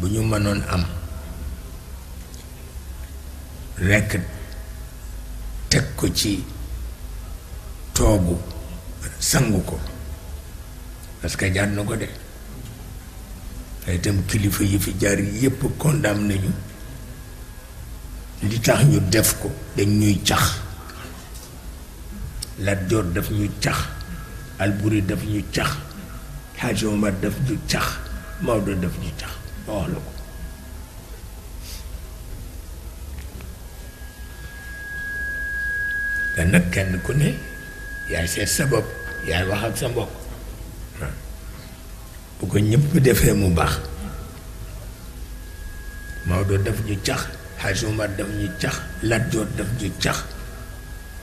bu ñu mënoon am rekk teg ko ci toogu sangu ko parce que jaar na ko de te itam kilifa yi fi jaar yépp condamné nañu li tax ñu def ko dañ ñuy cax Lat Joor daf ñu cax Alburi daf ñu cax Xaaji Omar daf ñu cax Maodo daf ñu cax ma wax la ko te nag kenn ku ne yaay seet sa bopp yaay wax ak sa mbokk bu ko ñëpp defee mu baax Maodo daf ñu cax Hadj Omar daf ñu cax Lat Joor daf ñu cax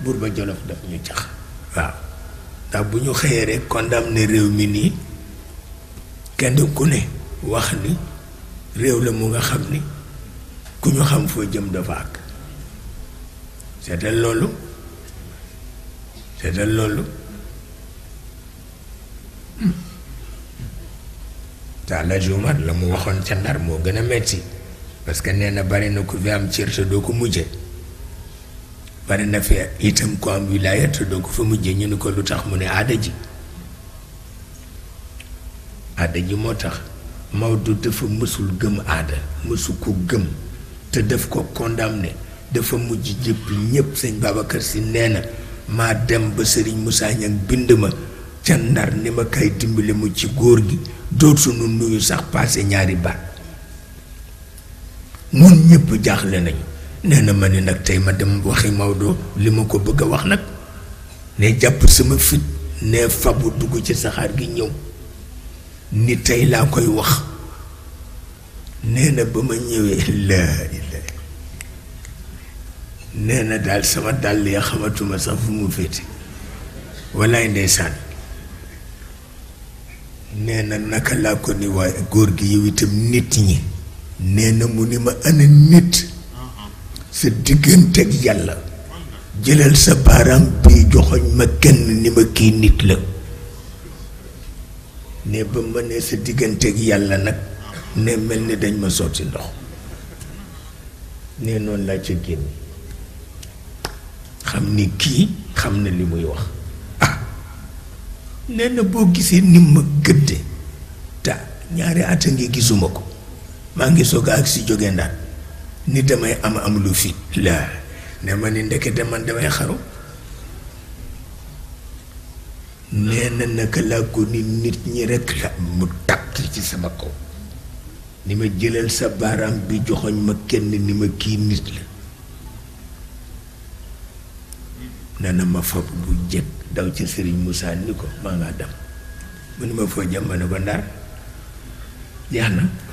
Bourba Jolof daf ñu cax waaw ndax bu ñu xëyee kondam ne réew mi nii kenn ku ne wax ni réew la mu nga xam ni ku ñu xam foo jëm dafa ak seetal loolu seetal loolu Talla Jumar la mu waxoon ca ndar moo gën a metti parce que nee na bari na ku fi am cër te doo ko mujje bari na fi itam ku am wilaaya te doo ko fa mujje ñu ni ko lu tax mu ne aada ji aada ji moo tax Maodo dafa mësul gëm aada mësu ko gëm te daf ko condamné dafa mujj jëpp ñépp sëñ Babacar si nee na maa dem ba sëriñ Moussa Niang bind ma ca ndar ni ma kay dimbali mu ci góor gi dootuñu nuyu sax passé ñaari baat ñun ñëpp jaaxle nañu nee na ma ne nag tey ma dem waxi Maodo li ma ko bëgg a wax nag ne jàpp sama fit ne fabu dugg ci saxaar gi ñëw nit tey laa koy wax nee na ba ma ñëwee nee na daal sama dàll ya xamatuma sax fu mu féete walaay ndeysaan nee na naka laa ko ni waaye góor gi yow itam nit ñi nee na mu ni ma ana nit sa diggante ak yàlla jëlal sa baaraam bii joxoñ ma kenn ni ma kii nit la ne ba ma ne sa digganteeg yàlla nag ne mel ni dañ ma sotti ndox ne noon laa ca génn xam ni kii xam na li muy wax ah nee boo gisee ni ma gëdde te ñaari at ngi gisuma ko maa ngi soog ak si jóge ndaat ni damay am am lu fit laa ne ma ni ndeke man damay xaru nee na naka laa ko ni nit ñi rekk la mu takk ci sama kaw ni ma jëlal sa baaraam bi joxoñ ma kenn ni ma kii nit la nana ma fab bu jëkk daw ci sëriñ Moussa ni ko maa ngaa dem mu ni ma foo jëm ba ndar jeex na